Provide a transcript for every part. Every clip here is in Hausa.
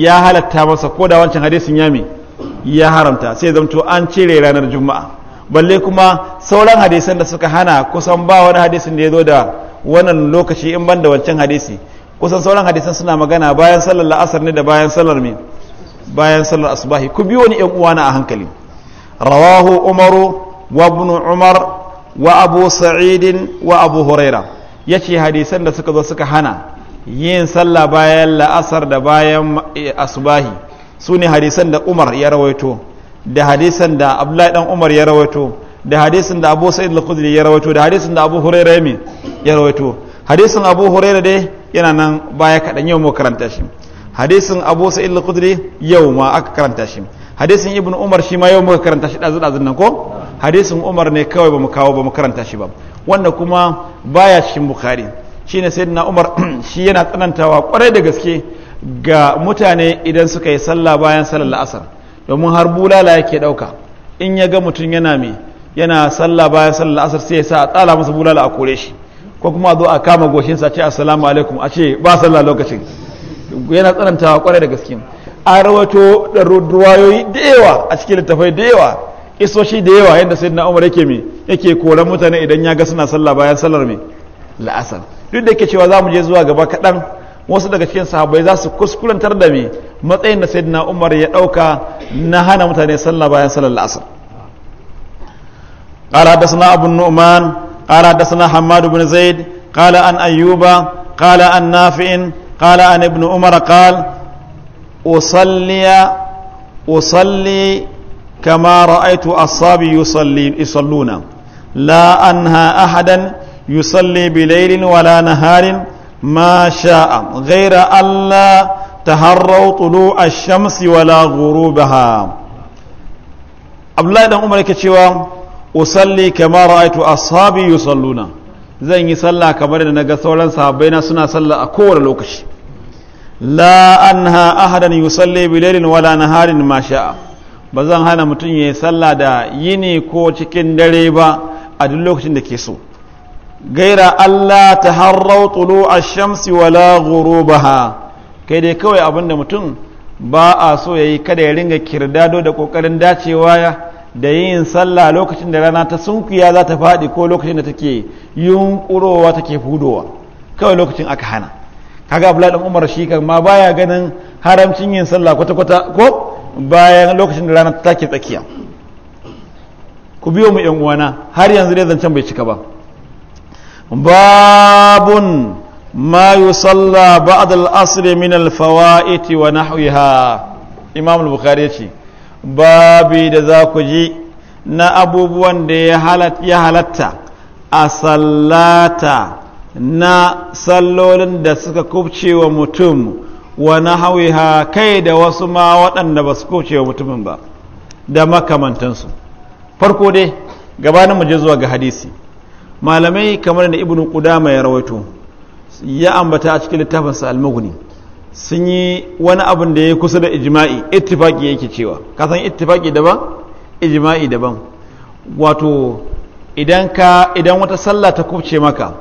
ya halatta masa ko da wancan hadisin ya mi ya haramta sai zamto an cire ranar juma'a balle kuma sauran hadisan da suka hana kusan ba wani hadisin da ya zo da wannan lokaci in ban da wancan hadisi kusan sauran hadisan suna magana bayan sallar la'asar ne da bayan sallar me bayan sallar asubahi ku biyo ni yan uwana a hankali rawahu umaru wa ibn umar wa abu sa'id wa abu huraira yace hadisan da suka zo suka hana yin sallah bayan la'asar da bayan asubahi su ne hadisan da umar ya rawaito da hadisan da abdullahi dan umar ya rawaito da hadisin da abu sa'id al-khudri ya rawaito da hadisin da abu hurairah ya rawaito hadisin abu hurairah dai yana nan baya kaɗan yau mu karanta shi hadisin abu sa'id al-khudri yau ma aka karanta shi hadisin ibnu umar shi ma yau muka karanta shi dazu dazun nan ko hadisin umar ne kawai bamu kawo bamu karanta shi ba wanda kuma baya cikin bukhari shine sayyidina Umar shi yana tsanantawa kwarai da gaske ga mutane idan suka yi sallah bayan sallar la'asar domin har bulala yake dauka in ya ga mutum yana mai yana sallah bayan sallar asar sai ya sa a tsala masa bulala a kore shi ko kuma a zo a kama goshinsa a ce assalamu alaikum a ce ba sallah lokacin yana tsanantawa kwarai da gaske a rawato da ruwayoyi da yawa a cikin littafai da yawa isoshi da yawa yadda sai na umar yake mai yake koran mutane idan ya ga suna sallah bayan sallar mai la'asar duk da ke cewa za mu je zuwa gaba kaɗan wasu daga cikin sahabbai za su kuskurantar da me matsayin da sai umar ya ɗauka na hana mutane sallah bayan sallar la'asar ƙara da sana abu nu'man ƙara da hamadu bin zaid ƙala an ayyuba ƙala an nafi'in ƙala an ibn umar ƙal usalliya usalli kama ra'aitu ashabi yusalluna la anha ahadan يصلي بليل ولا نهار ما شاء غير ألا تهروا طلوع الشمس ولا غروبها Abdullahi dan Umar yake cewa usalli kama ra'aitu ashabi yusalluna zan yi sallah kamar da naga sauran sahabbai na suna sallah a kowane lokaci la anha ahadan yusalli bi lailin wala naharin ma sha'a ba zan hana mutum yayi sallah da yini ko cikin dare ba a duk lokacin da ke so gaira Allah ta harrau tulo a shamsi wala ha kai dai kawai abinda mutum ba a so ya yi kada ya ringa kirdado da kokarin dacewa da yin sallah lokacin da rana ta sunkuya za ta faɗi ko lokacin da take yunkurowa take hudowa kawai lokacin aka hana kaga abdullahi umar shi kan ma baya ganin haramcin yin sallah kwata kwata ko bayan lokacin da rana ta take tsakiya ku biyo mu yan uwana har yanzu dai zancen bai cika ba babun mayu yusalla ba'd al-asr min al-fawa'it wa nahwiha imam al-bukhari yace babi da za ku ji na abubuwan da ya halatta a sallata na sallolin da suka kubce wa mutum wa nahwiha kai da wasu ma waɗanda ba su kubce wa mutumin ba da makamantansu farko dai gaba gabanin mu je zuwa ga hadisi malamai kamar da ibnu qudama ya rawaito ya ambata a cikin sa al-mughni sun yi wani abin da ya kusa da ijma'i ittifaqi yake cewa ka san ittifaqi daban ijma'i daban wato idan ka idan wata sallah ta kubce maka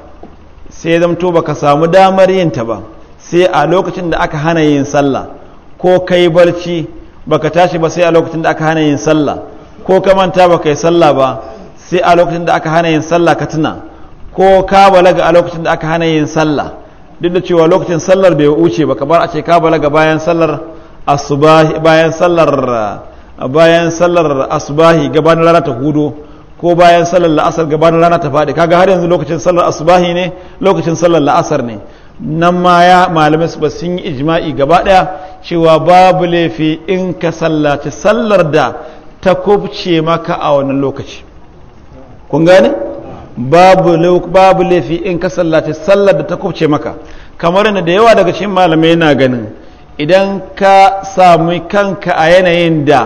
sai zamto baka samu damar yin ta ba sai a lokacin da aka hana yin sallah ko kai barci baka tashi ba sai a lokacin da aka hana yin sallah ko ka manta baka yi sallah ba sai a lokacin da aka hana yin sallah ka tuna ko ka balaga a lokacin da aka hana yin sallah duk da cewa lokacin sallar bai wuce ba kamar a ce ka balaga bayan sallar asubahi bayan sallar bayan sallar asubahi gabanin rana ta hudu ko bayan sallar la'asar gabanin rana ta faɗi kaga har yanzu lokacin sallar asubahi ne lokacin sallar la'asar ne nan ma ya malamai ba sun yi ijma'i gaba ɗaya cewa babu laifi in ka sallaci sallar da ta kubce maka a wannan lokaci kun gane babu laifi in ka sallaci sallar da ta kubce maka kamar yadda da yawa daga cikin malamai na ganin idan ka sami kanka a yanayin da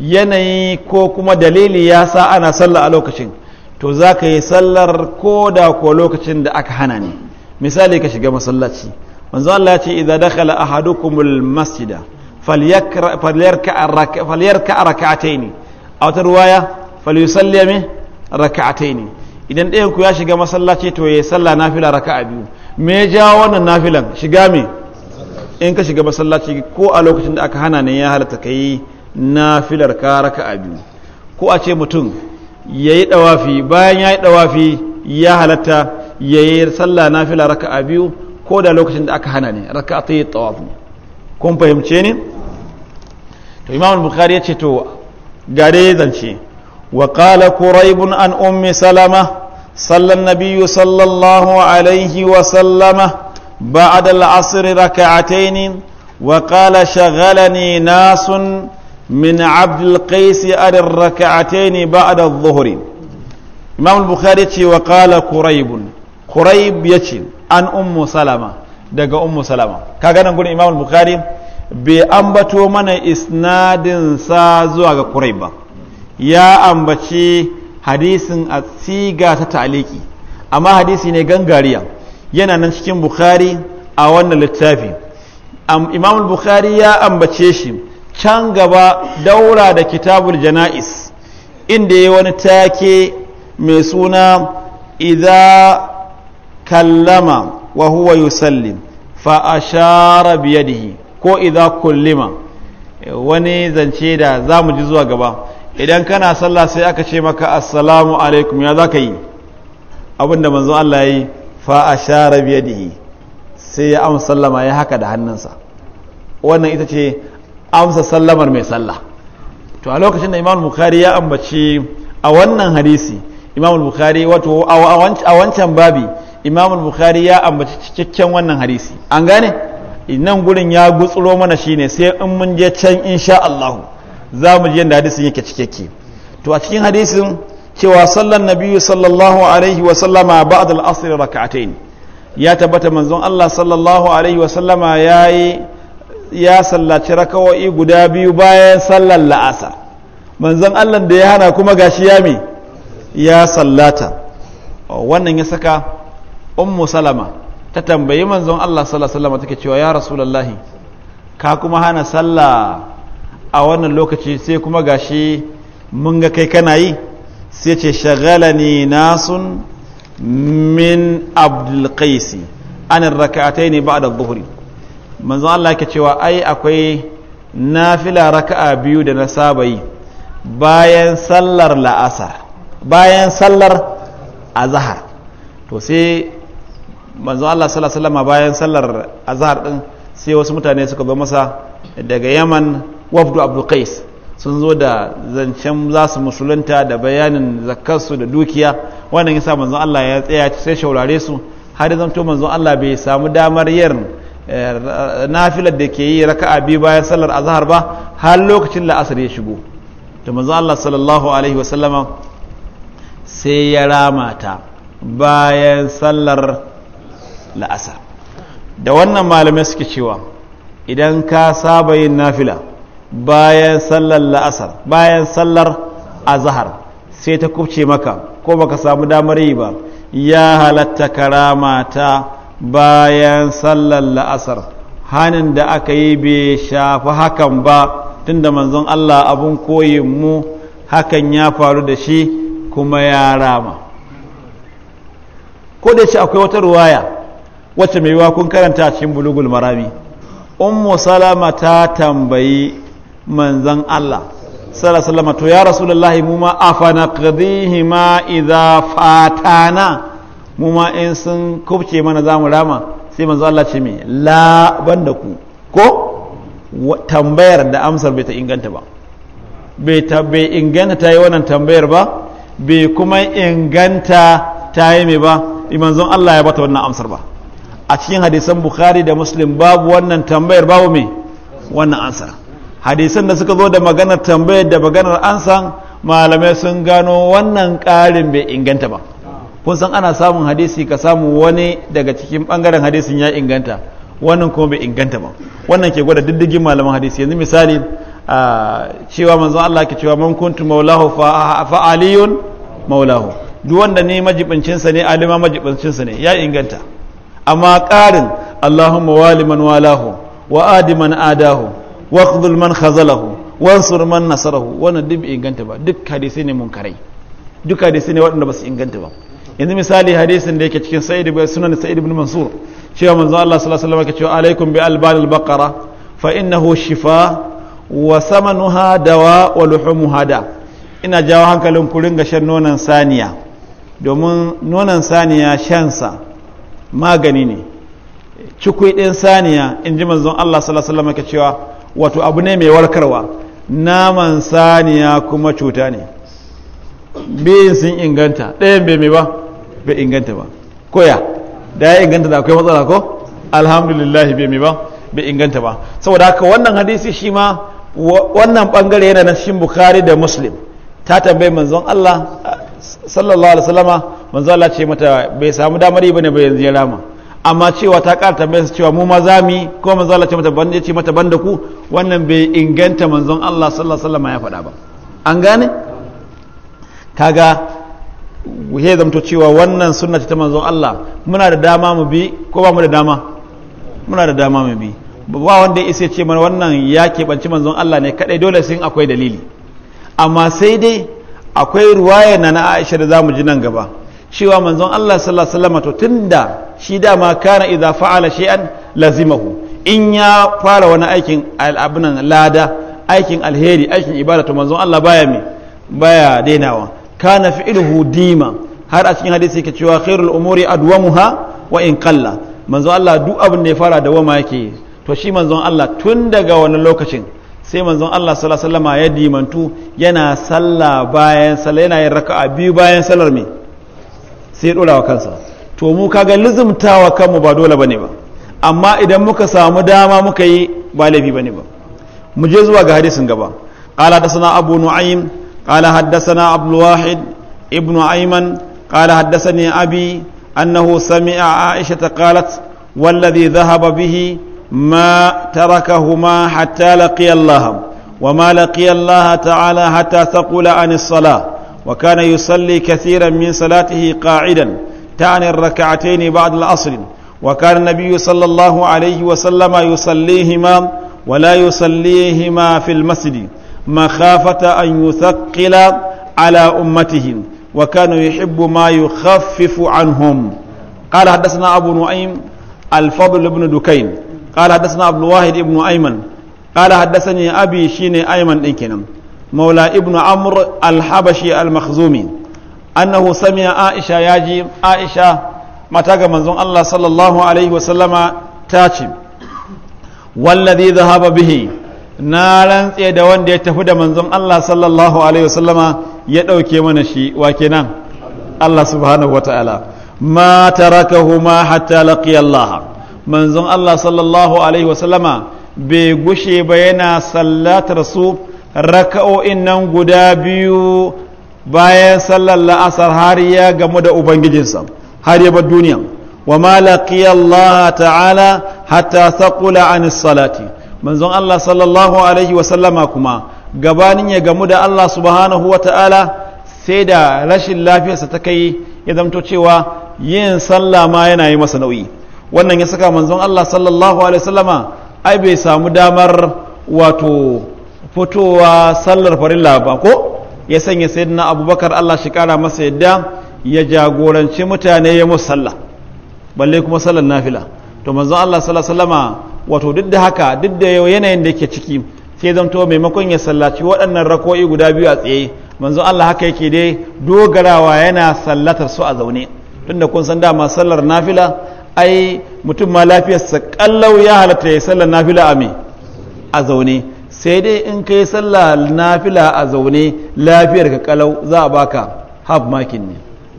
yanayi ko kuma dalili ya sa ana sallar a lokacin to za ka yi sallar ko da ko lokacin da aka hana ne misali ka shiga masallaci manzo Allah ya ce idza dakhala ahadukumul masjida falyarka falyarka rak'atayn aw tarwaya falyusalli ne idan ɗayan ku ya shiga masallaci to yayi salla nafila raka'a biyu me ya jawo wannan nafilan shiga me in ka shiga masallaci ko a lokacin da aka hana ne ya halatta kai nafilar ka raka'a biyu ko a ce mutum yayi dawafi bayan yayi dawafi ya halatta yayi sallah nafila raka'a biyu ko da lokacin da aka hana ne raka'atai tawaf kun fahimce ne to imam bukhari ya ce to gare ya zance وقال كريب عن أم سلمة صلى النبي صلى الله عليه وسلم بعد العصر ركعتين وقال شغلني ناس من عبد القيس عن الركعتين بعد imam al-bukhari ce wa qala quraibun quraib yace an ummu salama daga ummu salama kaga nan gurin imam al-bukhari bai ambato mana isnadin sa zuwa ga quraib ba ya ambaci hadisin a siga ta ta'aliki amma hadisi ne gangariya yana nan cikin bukhari a wannan littafi imam bukhari ya ambace shi can gaba daura da kitabul jana'is inda ya wani take mai suna idza kallama wa huwa yusallim fa ashara biyadihi ko idza kullima wani zance da za mu ji zuwa gaba idan kana sallah sai aka ce maka assalamu alaikum ya za ka yi abinda manzon Allah ya yi fa a share biyadihi sai ya amsa sallama ya haka da hannunsa wannan ita ce amsa sallamar mai sallah to a lokacin da imam bukhari ya ambaci a wannan hadisi imam bukhari wato a wancan babi imam bukhari ya ambaci cikakken wannan hadisi an gane nan gurin ya gutsuro mana shine sai in mun je can insha Allahu. za mu ji yadda hadisin yake cikakke to a cikin hadisin cewa sallan nabiyyu sallallahu alaihi wa sallama ba'd al-asr rak'atayn ya tabbata manzon Allah sallallahu alaihi wa sallama yayi ya sallaci rakawo'i guda biyu bayan sallar la'asar manzon Allah da ya hana kuma gashi ya me ya sallata wannan ya saka ummu salama ta tambayi manzon Allah sallallahu alaihi wa sallama take cewa ya rasulullahi ka kuma hana sallah a wannan lokaci sai kuma gashi mun ga kai kana yi sai ce shagala shagalani nasun min abdulkaisi anin raka'atai ne ba da zuhuri manzan Allah ke cewa ai akwai nafila raka'a biyu da na saba yi bayan sallar la'asar bayan sallar azahar to sai manzan Allah sallallahu bayan sallar azahar din sai wasu mutane suka zo masa daga yaman wafdu abu sun zo da zancen za su musulunta da bayanin zakkarsu da dukiya wannan yasa manzon Allah ya tsaya sai shaurare su har da zanto manzon Allah bai samu damar yin eh, nafilar da ke yi raka a biyu bayan sallar azhar ba har lokacin la'asar ya shigo to manzon Allah sallallahu alaihi wa sallama sai ya rama ta bayan sallar la'asar da wannan malamai suke cewa idan ka saba yin nafila bayan sallar la'asar bayan sallar azhar sai ta kubce maka ko baka samu damar yi ba ya halatta karama ta bayan sallar la'asar hannun da aka yi bai shafi hakan ba tunda manzon Allah abun koyin mu hakan ya faru da shi kuma ya rama ko da ce akwai wata ruwaya wacce mai kun karanta cikin bulugul marami ummu salama ta tambayi manzan Allah salama to ya rasulullahi mu ma afana qadihi ma idza fatana mu ma in sun kubce mana za mu rama sai manzan Allah ce me la banda ku ko tambayar da amsar bai ta inganta ba bai inganta ta yi wannan tambayar ba bai kuma inganta ta yi mai ba imanzon Allah ya bata wannan amsar ba a cikin hadisan bukhari da muslim babu wannan tambayar babu mai wannan amsar hadisan da suka zo da maganar tambayar da maganar ansan malamai sun gano wannan karin bai inganta ba kun san ana samun hadisi ka samu wani daga cikin ɓangaren hadisin ya inganta wannan kuma bai inganta ba wannan ke gwada diddigin malaman hadisi yanzu misali cewa manzon Allah ke cewa man kuntu maulahu fa aliyun maulahu duk wanda ne sa ne alima sa ne ya inganta amma ƙarin Allahumma waliman walahu wa adiman adahu waqdul man khazalahu wansur man nasarahu wannan duk bai inganta ba duk hadisi ne mun munkarai duk hadisi ne waɗanda ba su inganta ba yanzu misali hadisin da yake cikin sa'id ibn sunan sa'id ibn mansur cewa manzo Allah sallallahu alaihi ka yake cewa alaikum bi albal albaqara fa innahu shifa ina jawo hankalin ku ringa shan nonon saniya domin nonan saniya shansa magani ne cikui ɗin saniya in ji manzon Allah sallallahu alaihi wasallam yake cewa wato abu ne mai warkarwa naman saniya kuma cuta ne biyun sun inganta ɗayan bai mai ba bai inganta ba koya da ya inganta da akwai matsala ko alhamdulillah bai mai ba bai inganta ba saboda haka wannan hadisi shi ma wannan bangare yana na shin bukari da muslim ta tambayi manzon Allah sallallahu alaihi wasallama manzon Allah ce mata bai samu damar yi bane ba yanzu ya rama amma cewa ta ƙara tambayar cewa mu ma za mu ko manzo Allah ce mata ban ce mata ban da ku wannan bai inganta manzon Allah sallallahu alaihi wasallam ya faɗa ba an gane kaga ya zamto cewa wannan sunna ta manzon Allah muna da dama mu bi ko ba mu da dama muna da dama mu bi ba wanda ya isa ce mana wannan ya keɓanci manzon Allah ne kadai dole sun akwai dalili amma sai dai akwai ruwaya na na Aisha da zamu ji nan gaba cewa manzon Allah sallallahu alaihi wasallam to tunda shi dama kana idza fa'ala shay'an lazimahu in ya fara wani aikin al'abunan lada aikin alheri aikin ibada to manzon Allah baya me baya dainawa kana fi'luhu dima har a cikin hadisi yake cewa khairul umuri adwamuha wa in qalla manzon Allah duk abin da ya fara da wama yake to shi manzon Allah tun daga wani lokacin sai manzon Allah sallallahu alaihi wasallam ya dimantu yana sallah bayan sallah yana yin raka'a biyu bayan sallar me sai ya dora wa kansa to mu kaga lizumtawa kanmu ba dole bane ba amma idan muka samu dama muka yi ba laifi bane ba mu je zuwa ga hadisin gaba qala dasana abu nu'aym qala haddathana abdul wahid ibnu ayman qala haddathani abi annahu sami'a aisha qalat والذي ذهب به ما تركهما حتى لقي الله وما لقي الله تعالى حتى ثقل عن الصلاه وكان يصلي كثيرا من صلاته قاعدا تان الركعتين بعد العصر وكان النبي صلى الله عليه وسلم يصليهما ولا يصليهما في المسجد مخافة أن يثقل على أمته وكان يحب ما يخفف عنهم قال حدثنا أبو نعيم الفضل بن دكين قال حدثنا عبد الواحد بن أيمن قال حدثني أبي شين أيمن إنكنا مولى ابن عمرو الحبشي المخزومي annahu samiya aisha ya ji aisha mata ga manzon Allah sallallahu alaihi wasallama ta ce wallazi zahaba bihi na rantse da wanda ya tafi da manzon Allah sallallahu alaihi wasallama ya dauke mana shi wa kenan Allah subhanahu wataala ma tarakahuma hatta laqiya Allah manzon Allah sallallahu alaihi wasallama bai gushe ba yana sallatar su raka'o'in nan guda biyu bayan sallar la'asar har ya gamu da ubangijinsa har ya bar duniya wa ma Allah ta'ala hatta thaqula an salati manzon Allah sallallahu alaihi wa sallama kuma gabanin ya gamu da Allah subhanahu wa ta'ala sai da rashin lafiyarsa ta kai ya zamto cewa yin sallah ma yana yi masa nauyi wannan ya saka manzon Allah sallallahu alaihi wasallama ai bai samu damar wato fitowa sallar farilla ba ko ya sanya sayyidina abubakar Allah shi kara masa yadda ya jagoranci mutane ya musu sallah balle kuma sallar nafila to manzon Allah sallallahu wato duk da haka duk da yanayin da yake ciki sai zanto maimakon ya sallaci waɗannan rako'i guda biyu a tsaye manzon Allah haka yake dai dogarawa yana sallatar su a zaune tunda kun san dama sallar nafila ai mutum ma lafiyarsa kallau ya halatta ya sallar nafila a me a zaune sai dai in kai sallah nafila a zaune lafiyar ka kalau za a baka half makin ne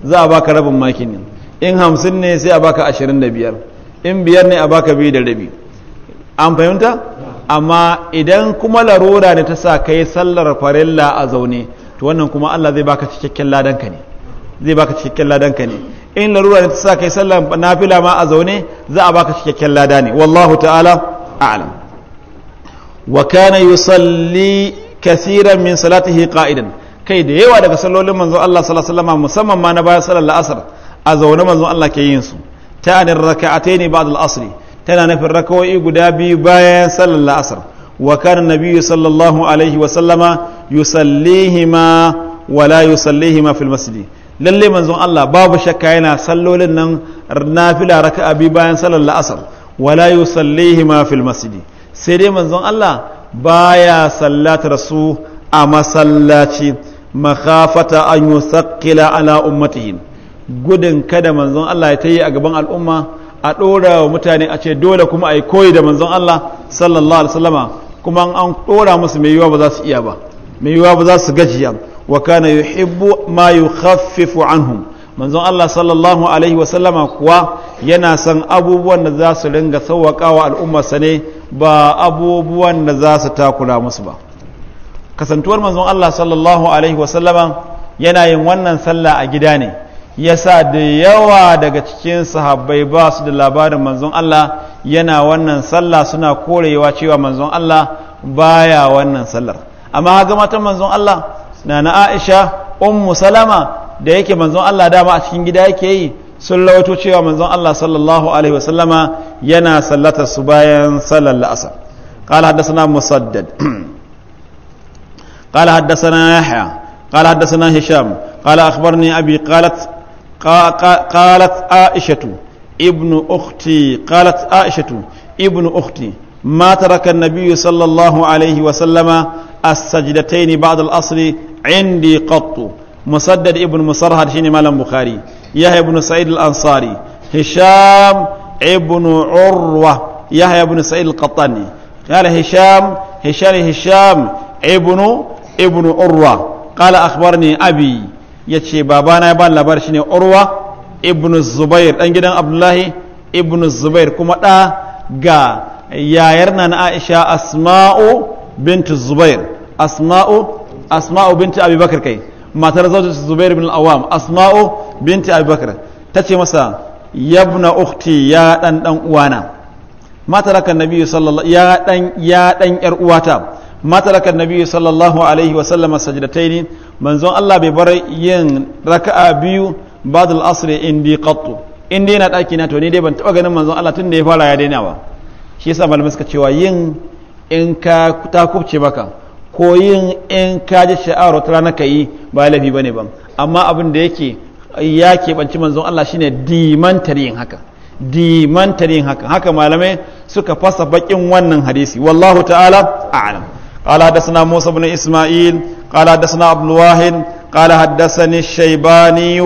za a baka rabin makin ne in hamsin ne sai a baka ashirin da biyar in biyar ne a baka biyu da rabi an fahimta amma idan kuma larura ne ta sa kai sallar farilla a zaune to wannan kuma Allah zai baka cikakken ladanka ne zai baka cikakken ladanka ne in larura ne ta sa kai sallar nafila ma a zaune za a baka cikakken lada ne wallahu ta'ala a'lam wa kana yusalli kathiran min salatihi qa'idan kai da yawa daga sallolin manzon Allah sallallahu alaihi musamman ma na bayan sallar la'asar a zaune manzon Allah ke yin su ta ne raka'ataini ba'd al-asr tana nufin rakawoyi guda biyu bayan sallar la'asar wa kana nabiyyu sallallahu alaihi wasallama yusallihima wa lalle manzon Allah babu shakka yana sallolin nan nafila raka'a biyu bayan salar la'asar wala yusallihima fil masjid sai dai manzon Allah baya sallatar su a masallaci makhafata an yusaqqila ala ummatihin gudun kada manzon Allah ya yi a gaban al'umma a ɗora wa mutane a ce dole kuma yi koyi da manzon Allah sallallahu alaihi wasallama kuma an dora musu mai yiwa ba za su iya ba mai yiwa ba za su gajiya wa kana yuhibbu ma yukhaffifu anhum manzon Allah sallallahu alaihi wasallama kuwa yana son abubuwan da za su ringa sauwaƙa wa al'ummarsa ne ba abubuwan da za su takura musu ba kasantuwar manzon Allah sallallahu alaihi wasallama yana yin wannan sallah a gida ne yasa da yawa daga cikin sahabbai ba su da labarin manzon Allah yana wannan sallah suna korewa cewa manzon Allah baya wannan sallar amma ga matan manzon Allah Nana Aisha ummu Salama da yake manzon Allah dama a cikin gida yake yi sun lawato cewa manzon Allah sallallahu alaihi wasallama yana sallatar su bayan sallar la'asar qala haddathana musaddad qala haddathana yahya qala haddathana hisham qala akhbarni abi qalat qalat aishatu ibnu ukhti qalat aishatu ibnu ukhti ما ترك النبي صلى الله عليه وسلم السجدتين بعد الأصل عندي قط مسدد ابن مصرهد شيني مالا بخاري yahya ibnu sa'id ansari hisham ibnu urwa yahya ibnu sa'id al-qattani hisham hisham hisham ibnu ibnu urwa qala akhbarni abi yace babana ya ba labar shine urwa ibnu zubair dan gidan abdullahi ibnu zubair kuma da ga yayar nan aisha asma'u bint zubair asma'u asma'u abi bakr kai matar zawjin zubair ibn asma'u binti abubakar ta ce masa yabna ukti ya dan dan uwana mataraka nabi sallallahu ya dan ya dan yar uwata mataraka nabi sallallahu alaihi wa sallam manzon Allah bai bar yin raka'a biyu ba'dal asr indi qattu in dai na daki na to ni dai ban taba ganin manzon Allah tun da ya fara ya daina ba shi yasa malamai suka cewa yin in ka ta kubce baka ko yin in ka ji sha'awar wata ranar ka yi ba laifi bane ba amma abin da yake ya keɓanci manzon Allah shine dimantar yin haka dimantar haka haka malamai suka fasa baƙin wannan hadisi wallahu ta'ala a'lam qala dasna musa bin isma'il qala dasna abdul wahid hadasani haddathani shaybani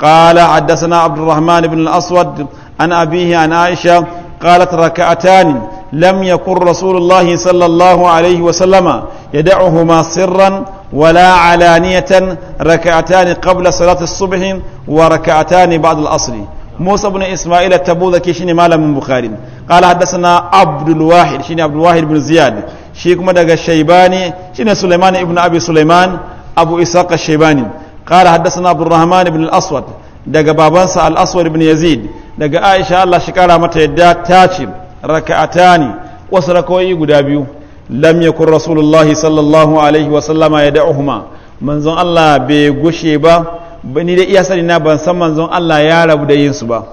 qala haddathana abd الرحمن ibn al-aswad an abihi an aisha qalat rak'atan lam yakun rasulullahi sallallahu alayhi wa sallama yad'uhuma sirran ولا علانية ركعتان قبل صلاة الصبح وركعتان بعد الأصل موسى بن إسماعيل التبوذ كيشين مالا من بخاري قال حدثنا عبد الواحد شين عبد الواحد بن زياد شيك مدق الشيباني شين سليمان ابن أبي سليمان أبو إساق الشيباني قال حدثنا عبد الرحمن بن الأسود دق بابانسا الأسود بن يزيد دق عائشة الله شكالها متى يدات تاتي ركعتان وصلكوا rakoyi guda lam yakun rasulullahi sallallahu alaihi sallama ya da'uhuma manzon Allah bai gushe ba ni da iya sani na ban san manzon Allah ya rabu da yin su ba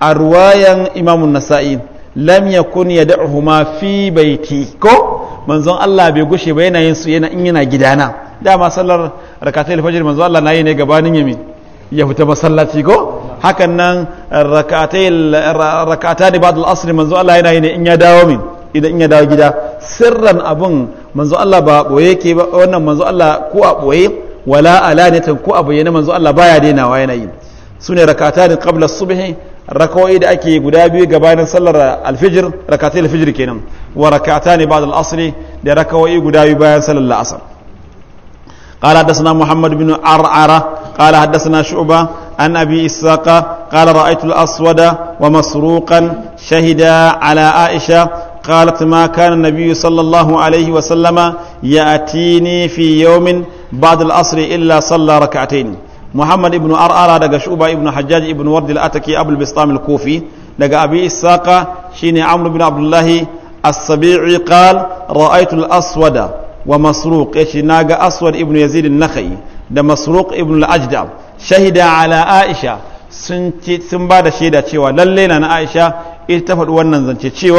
a ruwayan imamu nasa'i lam yakun ya da'uhuma fi baiti ko manzon Allah bai gushe ba yana yin su yana in yana gidana dama sallar rakatul fajr manzon Allah na yi ne gabanin yami ya fita masallaci ko hakan nan rakatai rakata ba'd al-asr manzon Allah yana yi ne in ya dawo min idan in ya dawo gida sirran abun manzo Allah ba boye ke ba wannan manzo Allah ko a boye wala alanatan ko a bayyana manzo Allah baya dainawa yana yi sune rakatan qabla subhi rakawai da ake guda biyu gabanin sallar alfijir rakatai alfijir kenan wa rakatani ba'd al-asri da rakawai guda biyu bayan sallar al-asr قال حدثنا محمد بن عرعرة قال حدثنا شعبة عن أبي إساق قال رأيت الأسود ومسروقا شهدا على عائشة قالت ما كان النبي صلى الله عليه وسلم يأتيني في يوم بعد الأصر إلا صلى ركعتين محمد بن أرأرة دقى شعبة بن حجاج بن ورد الأتكي أبو البسطام الكوفي دقى أبي إساق شيني عمرو بن عبد الله السبيعي قال رأيت الأسود ومسروق إيش ناقة أسود ابن يزيد النخي ده مسروق ابن الأجدع شهد على عائشة sun ba da shaida cewa lalle na Aisha ita ta faɗi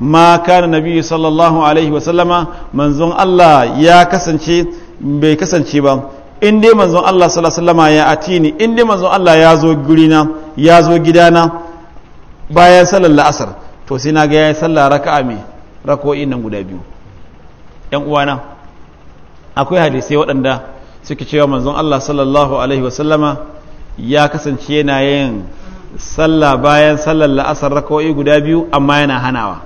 ma kana nabi sallallahu alaihi wa wasallama manzon Allah ya kasance bai kasance ba in dai manzon Allah sallallahu alaihi wa sallama ya atini in dai manzon Allah ya zo gurina ya zo gidana bayan sallar la'asar to sai na ga yayi sallah raka'a me rak'o'i nan guda biyu yan na akwai hadisai waɗanda suke cewa manzon Allah sallallahu alaihi wa sallama ya kasance yana yin salla bayan sallar la'asar rako'i guda biyu amma yana hanawa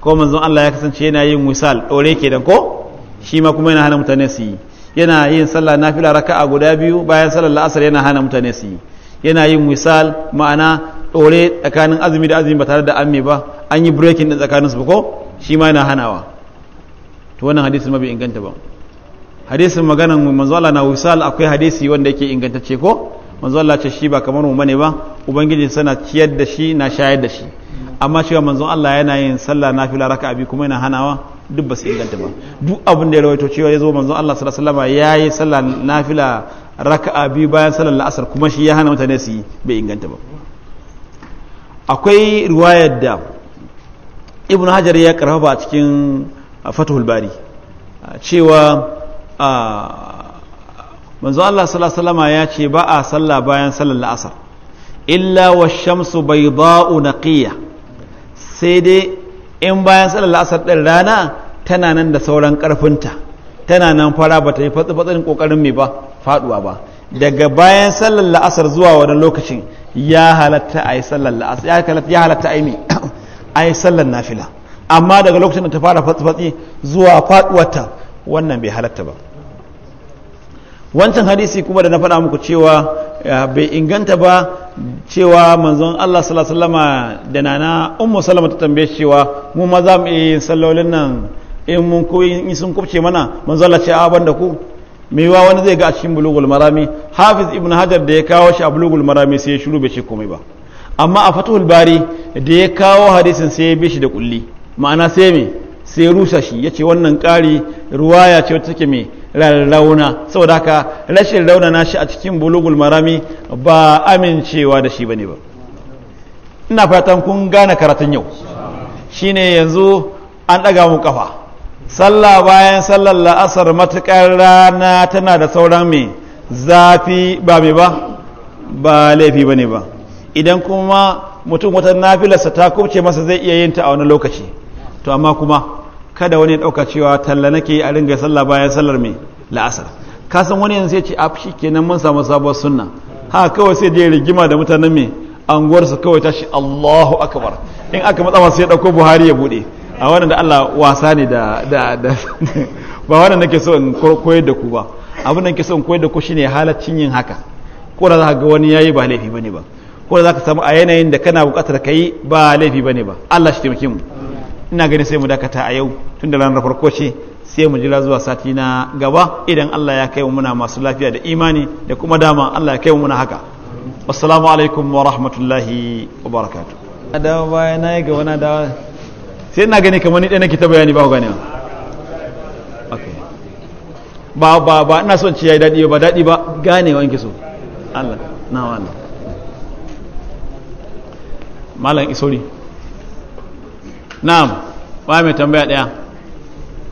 ko manzon Allah ya kasance yana yin dore ɗore kenan ko shi ma kuma yana hana mutane su yi yana yin sallah nafila raka'a guda biyu bayan sallar la'asar yana hana mutane su yi yana yin misal ma'ana ɗore tsakanin azumi da azumi ba tare da amme ba an yi breaking din su ba ko shi ma yana hanawa to wannan hadisin ma bai inganta ba hadisin maganan manzo Allah na misal akwai hadisi wanda yake ingantacce ko manzo Allah ce shi ba kamar mu bane ba ubangiji sana ciyar da shi na shayar da shi amma cewa manzon Allah yana yin sallah na fila raka biyu kuma yana hanawa duk ba su inganta ba duk abin da ya rawaito cewa ya zo manzon Allah sallallahu alaihi wasallam ya yi sallah na fila raka biyu bayan sallar la'asar kuma shi ya hana mutane su yi bai inganta ba akwai riwayar da ibn hajar ya karfafa a cikin fathul bari cewa manzon Allah sallallahu alaihi ya ce ba a sallah bayan sallar la'asar illa wa shamsu bayda'u naqiyah sai dai in bayan sallar la'asar ɗin rana tana nan da sauran ƙarfinta tana nan fara ba ta yi fatsi-fatsin ƙoƙarin mai ba faɗuwa ba daga bayan sallar la'asar zuwa wani lokacin ya halatta a yi sallar la'asar ya halatta a a yi sallar nafila amma daga lokacin da ta fara fatsi zuwa faɗuwarta wannan bai halatta ba wancan hadisi kuma da na faɗa muku cewa bai inganta ba cewa manzon Allah sallallahu da nana ummu sallama ta tambaye cewa mu ma za mu iya yin sallolin nan in mun in sun kubce mana manzon Allah ce a banda ku me yawa wani zai ga a cikin bulugul marami hafiz ibnu hajar da ya kawo shi a bulugul marami sai ya shiru bai ce komai ba amma a fatuhul bari da ya kawo hadisin sai ya bi shi da kulli ma'ana sai me sai rusa shi yace wannan ƙari ruwaya ce wacce take me rauna saboda haka rashin na shi a cikin bulugul marami ba amincewa da shi bane ba ina fatan kun gane karatun yau shine yanzu an ɗaga mu kafa sallah bayan sallar la'asar matuƙar rana tana da sauran mai zafi ba mai ba ba laifi ba ne ba idan kuma mutum wata nafilarsa ta kubce masa zai iya yin ta a wani lokaci to amma kuma kada wani ɗauka dauka cewa talla nake a ringa sallah bayan sallar mai la'asar Kasan wani yanzu ya ce a shi kenan mun samu sabuwar sunna ha kawai sai je rigima da mutanen mai anguwarsa kawai tashi Allahu akbar in aka matsa sai ya dauko Buhari ya bude a wannan da Allah wasa ne da da da ba wannan nake so in koyar da ku ba abin da nake so in koyar da ku shine halaccin yin haka ko da za ga wani yayi ba laifi bane ba ko da za ka samu a yanayin da kana bukatar ka yi ba laifi ba ne ba Allah shi taimake mu ina ganin sai mu dakata a yau tunda ranar farko ce sai mu jira zuwa sati na gaba idan Allah ya kai muna masu lafiya da imani da kuma dama Allah ya kai muna haka assalamu alaikum wa rahmatullahi wa barakatuh dawa baya na yi gaba na dawa sai ina gani kamar ni dai nake ta bayani ba ku gane ba ba ba ina son ci yayi daɗi ba daɗi ba gane wanki so Allah na Allah malam isori na'am ba mai tambaya daya.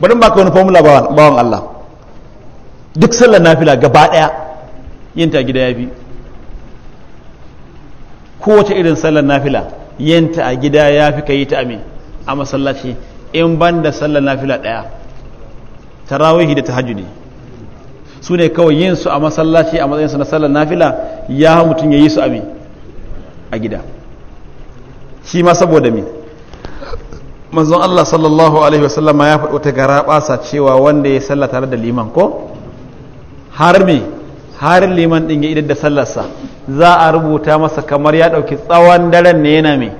bari ba ka wani formula bawan Allah duk sallar nafila gaba daya yin ta gida ya bi kowace irin sallar nafila yin ta a gida ya fi ka yi ta ame a masallaci in ban da sallar nafila daya tarawihi da ta hajji ne su ne kawai yin su a masallaci a matsayin su na sallar nafila ya mutum ya yi su ame a gida shi ma saboda me manzon Allah sallallahu alaihi wasallama ya faɗo ta gara ɓasa cewa wanda ya sallah tare da liman ko har har liman ɗin ya idar da sallarsa za a rubuta masa kamar ya ɗauki tsawon daren ne yana me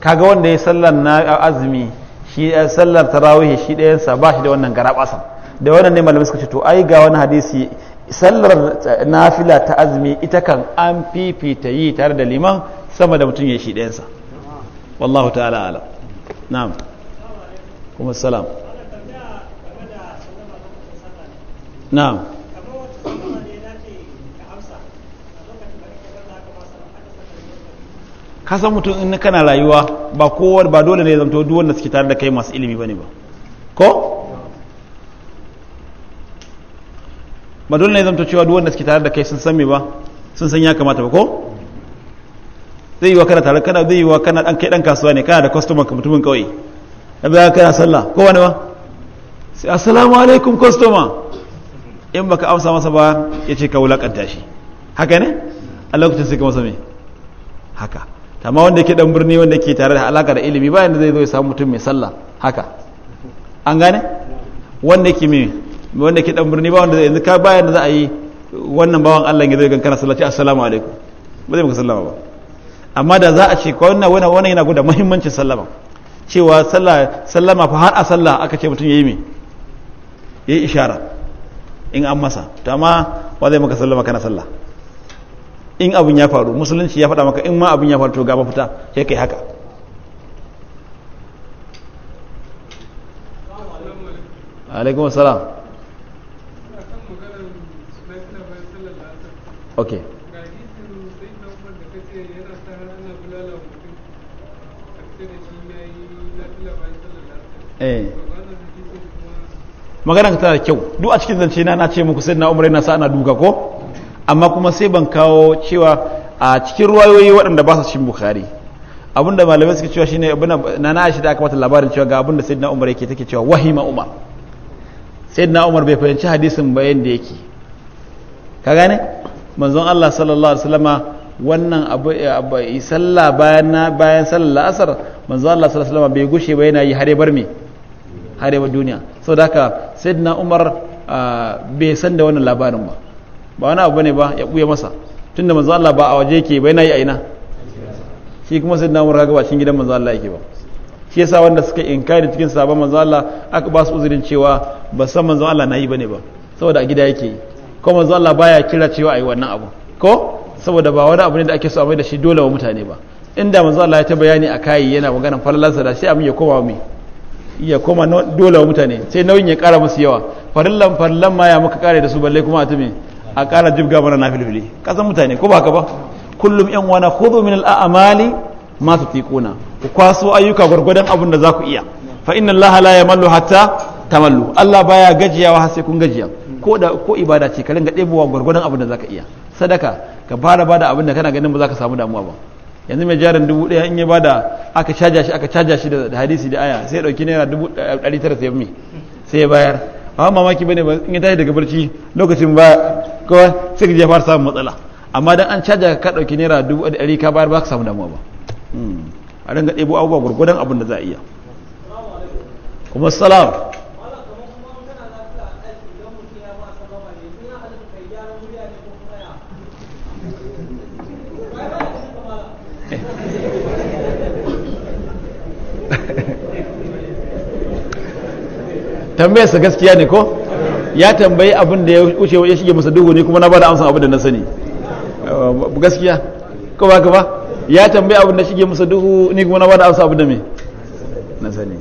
kaga wanda ya sallar na azumi shi eh, sallar tarawih shi ɗayansa ba shi da wannan gara ɓasa da wannan ne malamai suka ce to ai ga wani hadisi sallar eh, nafila ta azumi ita kan an fifita yi tare da liman sama da mutum ya shi ɗayansa wallahu ta'ala alam na'am kuma salam na'am ka san mutum in kana rayuwa ba kowa ba dole ne zamto duk wanda suke tare da kai masu ilimi bane ba ko ba dole ne zamto cewa duk wanda suke tare da kai sun san me ba sun san ya kamata ba ko zai yi wa kana tare kana zai yi wa kana dan kai dan kasuwa ne kana da customer ka mutumin kawai da ba kana sallah ko wani ba sai assalamu alaikum customer in baka amsa masa ba ya ce ka wulakanta shi haka ne a lokacin sai ka masa mai haka tamma wanda ke dan birni wanda ke tare da alaka da ilimi bayan da zai zo ya samu mutum mai sallah haka an gane wanda ke mai wanda ke dan birni ba wanda yanzu ka bayan da za a yi wannan bawan Allah ya zo ya gankana sallaci assalamu alaikum ba zai maka sallama ba amma da za a ce ko wannan wani wani yana gudu muhimmancin sallama cewa sallama fa har a sallah aka ce mutum yayi me yayi ishara in an masa to amma wa zai maka sallama kana sallah in abin ya faru musulunci ya faɗa maka in ma abin ya faru to ga fita sai kai haka alaikum assalam okay Eh. magana ta da kyau duk a cikin zance na na ce muku sai na umar yana sa ana duka ko amma kuma sai ban kawo cewa a cikin ruwayoyi waɗanda ba su cikin bukhari abinda malamai suka cewa shine abin na na shi da aka mata labarin cewa ga abinda na umar yake take cewa wahima umar na umar bai fahimci hadisin ba yanda yake ka gane manzon Allah sallallahu alaihi wasallama wannan abu sallah bayan bayan sallar asar manzon Allah sallallahu alaihi wasallama bai gushe ba yana yi har bar me har yawan duniya sau da haka sayyidina umar ah, bai san da wannan labarin ba ba wani abu ne ba ya ɓuya masa tunda manzo Allah ba a waje yake bai na yi aina shi kuma sayyidina umar kaga ba cikin gidan manzo Allah yake ba shi yasa wanda suka inkari cikin sabon manzo Allah aka ba su uzurin cewa ba san manzo Allah na yi bane ba saboda a gida yake yi ko manzo Allah baya kira cewa a yi wannan abu ko saboda ba wani abu ne da ake so a mai da shi dole wa mutane ba inda manzo Allah ya ta bayani a kai yana maganar falalansa da shi abin ya koma mai iya koma dole wa mutane sai nauyin ya kara musu yawa farillan farillan ma ya muka kare da su balle kuma a tumi a kara jibga mana na filfili kasan mutane ko ba ka ba kullum yan wana khudhu min al'amali fi tutiquna ku kwaso ayyuka gwargwadon abin da za ku iya fa inna allaha la yamallu hatta tamallu allah baya gajiyawa har kun gajiya ko da ko ibada ce ka ringa ɗebowa gwargwadon abin da za ka iya sadaka ka fara bada abin da kana ganin ba za ka samu damuwa ba yanzu mai jarin dubu ɗaya in ya da aka caja shi aka caja shi da hadisi da aya sai ɗauki naira dubu eh, ɗari tara sai mai sai ya bayar amma mamaki ba ne ba in yi tashi daga barci lokacin ba kawai sai ka je fara samun matsala amma dan an caja ka ɗauki naira dubu ɗari ka bayar ba ka samu damuwa ba hmm. a dinga ɗebo abubuwa gurgudan abin da za a iya kuma salam tambayar sa gaskiya ne ko ya tambayi abin da ya wuce ya shige masa duhu ne kuma na bada amsa abin da na sani gaskiya ko ba ka ba ya tambayi abin da shige masa duhu ne kuma na bada amsa abin da me na sani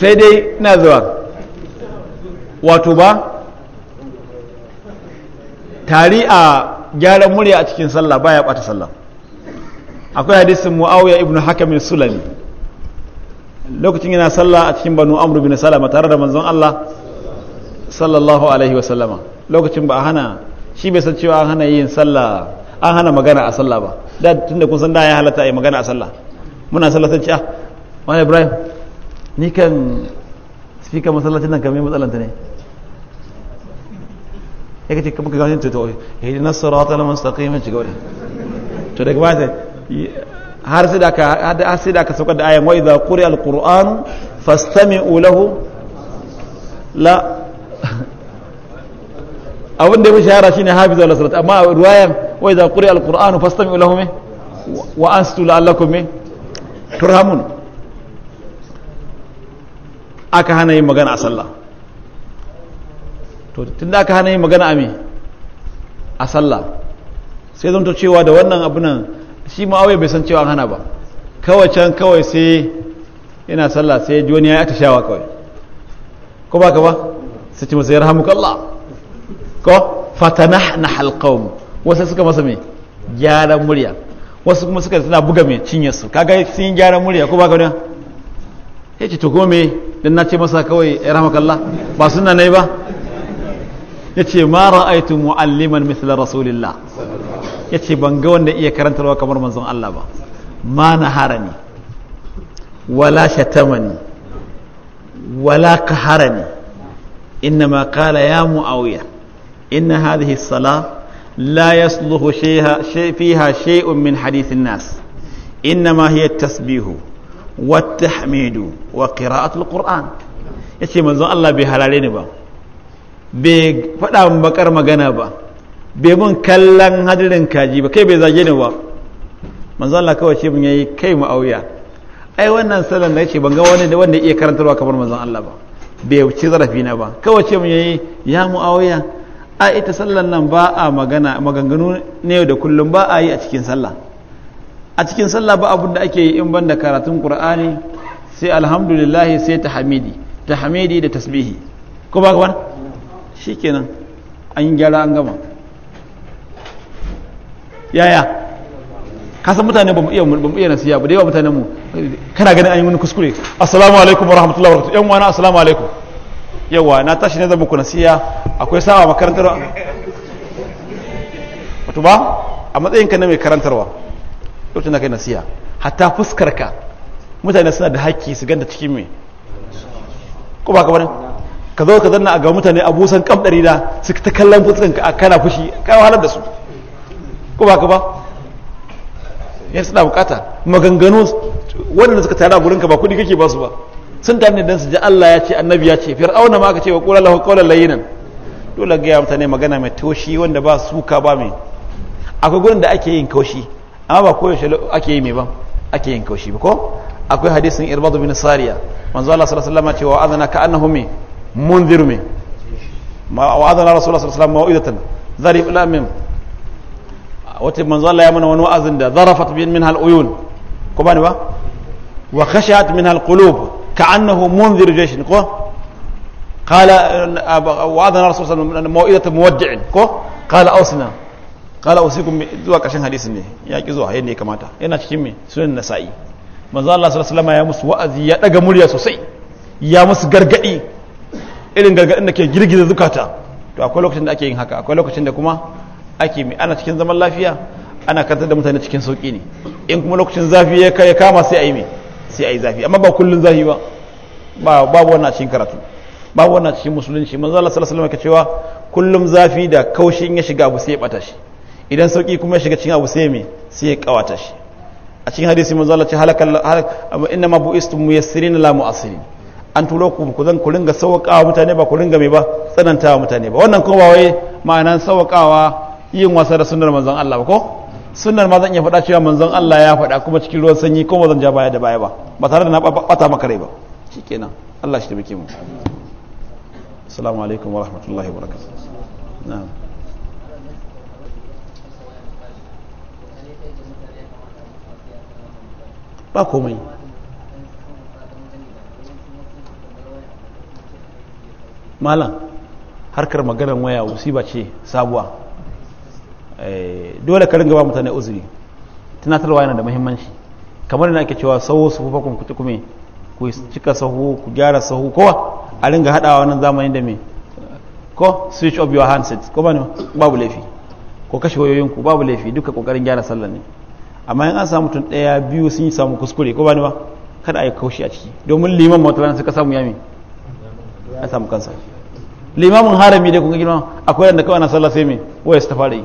sai dai na zuwa wato ba tari a gyaran murya a cikin sallah baya bata sallah akwai hadisin muawiya ibnu hakamin sulami lokacin yana sallah a cikin banu amru bin salama tare da manzon Allah sallallahu alaihi wa sallama lokacin ba a hana shi bai san cewa an hana yin sallah an hana magana a sallah ba da tunda kun san da ya halatta yi magana a sallah muna sallah sai ce ah wani ibrahim ni kan spika masallacin nan kamar matsalanta ne ya kace kuma ga gani ta to eh mustaqim ci gaba to daga baya har sai da aka har sai da aka saukar da ayan wa idza quri alquran fastami'u lahu la abin da ya shahara shine hafizu ala salat amma ruwayan wa idza quri alquran fastami'u lahu me wa anstu la'allakum me turhamun aka hana yin magana a sallah to tun da aka hana yin magana a me a sallah sai zanto cewa da wannan abunan shi ma'awai bai san cewa hana ba kawai can kawai sai yana sallah sai ji wani ya yi atashawa kawai ko ba ka ba su ci masu ya rahamu kalla ko fatana na halkawun wasu suka masa mai gyaran murya wasu kuma suka suna buga mai cinyarsu kaga sun yi gyaran murya ko ba ka wani ya ce to kuma don na ce masa kawai ya rahamu kalla ba suna na yi ba ya ce mara ra'aitu mu'alliman misalar rasulillah ya ce ban ga wanda iya karantarwa kamar manzon Allah ba ma harani wala shatamani wala ka harani inna ma kala ya mu'awiya inna hadhihi salah la yasluhu shayha shay fiha min hadithin nas inna ma hiya tasbihu wa tahmidu wa qira'atu alquran yace manzon Allah bai halale ni ba bai fada bakar magana ba bai mun kallon hadirin kaji ba kai bai zage ni ba manzo Allah kawai ce mun yayi kai auya ai wannan salon da yace ban ga wani da wanda iya karantarwa kamar manzon Allah ba bai ci zarafi na ba kawai ce mun yayi ya auya a ita sallan nan ba a magana maganganu ne da kullum ba a yi a cikin sallah a cikin sallah ba abin da ake yi in ban da karatun qur'ani sai alhamdulillah sai tahmidi tahmidi da tasbihi ko ba ka ba shikenan an gyara an gama yaya kasan mutane ba mu iya mu iya nasiya ba da yawa mutanen mu kana ganin an yi wani kuskure assalamu alaikum wa rahmatullahi wa barakatuh yan wana assalamu alaikum yawa na tashi ne zan muku nasiya akwai sawa makarantar wato ba a matsayin ka na mai karantarwa yau tana kai nasiya hatta fuskar ka mutane suna da haƙƙi su ganda cikin me ko ba ka bane ka zo ka zanna a ga mutane abusan kamdari da su ta kallon fuskan ka kana fushi kai wahalar da su ko ba ka ba yan suna bukata maganganu wadanda suka tara a gurinka ba kudi kake ba su ba sun tare ne don su ji Allah ya ce annabi ya ce fir'auna ma aka ce wa qul lahu qawlan layyinan dole ga mutane magana mai taushi wanda ba suka ba mai akwai gurin da ake yin kaushi amma ba koyaushe ake yi mai ba ake yin kaushi ba ko akwai hadisin irbadu bin sariya manzo Allah sallallahu alaihi wasallam ce wa azana ka annahu mi munzir mi ma wa azana rasulullah sallallahu alaihi wasallam mau'izatan zarif lamim wata manzo Allah ya mana wani wa'azin da zarafat bin min hal uyun ko ne ba wa khashat min hal qulub ka'annahu munzir jayshin ko قال وعدنا رسول صلى الله عليه وسلم موعظة مودع كو قال أوصنا قال zuwa kashin كشن ne ya ki zuwa زوا هين kamata yana cikin me sunan nasa'i manzo Allah sallallahu alaihi wasallam ya musu wa'azi ya daga murya sosai ya musu gargadi irin gargadin da ke girgiza zukata to akwai lokacin da ake yin haka akwai lokacin da kuma ake mai ana cikin zaman lafiya ana kantar da mutane cikin sauƙi ne in kuma lokacin zafi ya kai kama sai a yi mai sai a yi zafi amma ba kullum zafi ba babu wannan a cikin karatu babu wannan a cikin musulunci manzo Allah sallallahu alaihi wasallam cewa kullum zafi da kaushi in ya shiga abu sai ya bata shi idan sauƙi kuma ya shiga cikin abu sai mai sai ya kawata shi a cikin hadisi manzo Allah ce halakal inna ma bu'istum muyassirin la mu'assirin an tulo ku ku zan ku ringa sauƙawa mutane ba ku ringa mai ba tsanantawa mutane ba wannan kuma ba wai ma'anan sauƙawa yin wasa da sunar manzon Allah ba ko sunar ma zan iya faɗa cewa manzon Allah ya faɗa kuma cikin ruwan sanyi ko zan ja baya da baya ba ba tare da na bata maka rai ba shi kenan Allah shi tabbake mu assalamu alaikum wa rahmatullahi wa barakatuh na'am ba komai malam harkar maganar waya ba ce sabuwa Eh, dole ka gaba ba mutane uzuri tunatarwa yana da muhimmanci kamar da ake cewa sahu su fufa kun kuta kume ku cika sahu ku gyara sahu kowa a ringa haɗawa wannan zamani da mai ko switch of your handset ko ba babu laifi ko kashe wayoyinku babu laifi duka kokarin gyara sallah ne amma in an samu tun ɗaya biyu sun yi samu kuskure ko ba ba kada a yi kaushi a ciki domin liman mawatalan suka samu yami a samu kansa limamin harami dai kun ga girma akwai wanda kawai na sallah sai me waya ta fara yi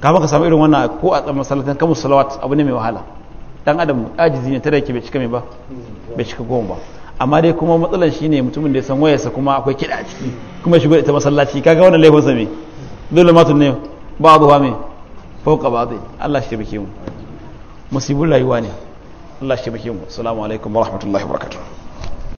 kama ka samu irin wannan ko a tsaman salatan kamus salawat abu ne mai wahala dan adam ajizi ne tare ke bai cika mai ba bai cika goma ba amma dai kuma matsalan shine mutumin da ya san wayarsa kuma akwai kiɗa a ciki kuma shigo ita masallaci kaga wannan laifin sa me dole matun ne ba abu me fauka ba zai Allah shi tabbake mu musibin rayuwa ne Allah shi tabbake mu assalamu alaikum wa rahmatullahi wa barakatuh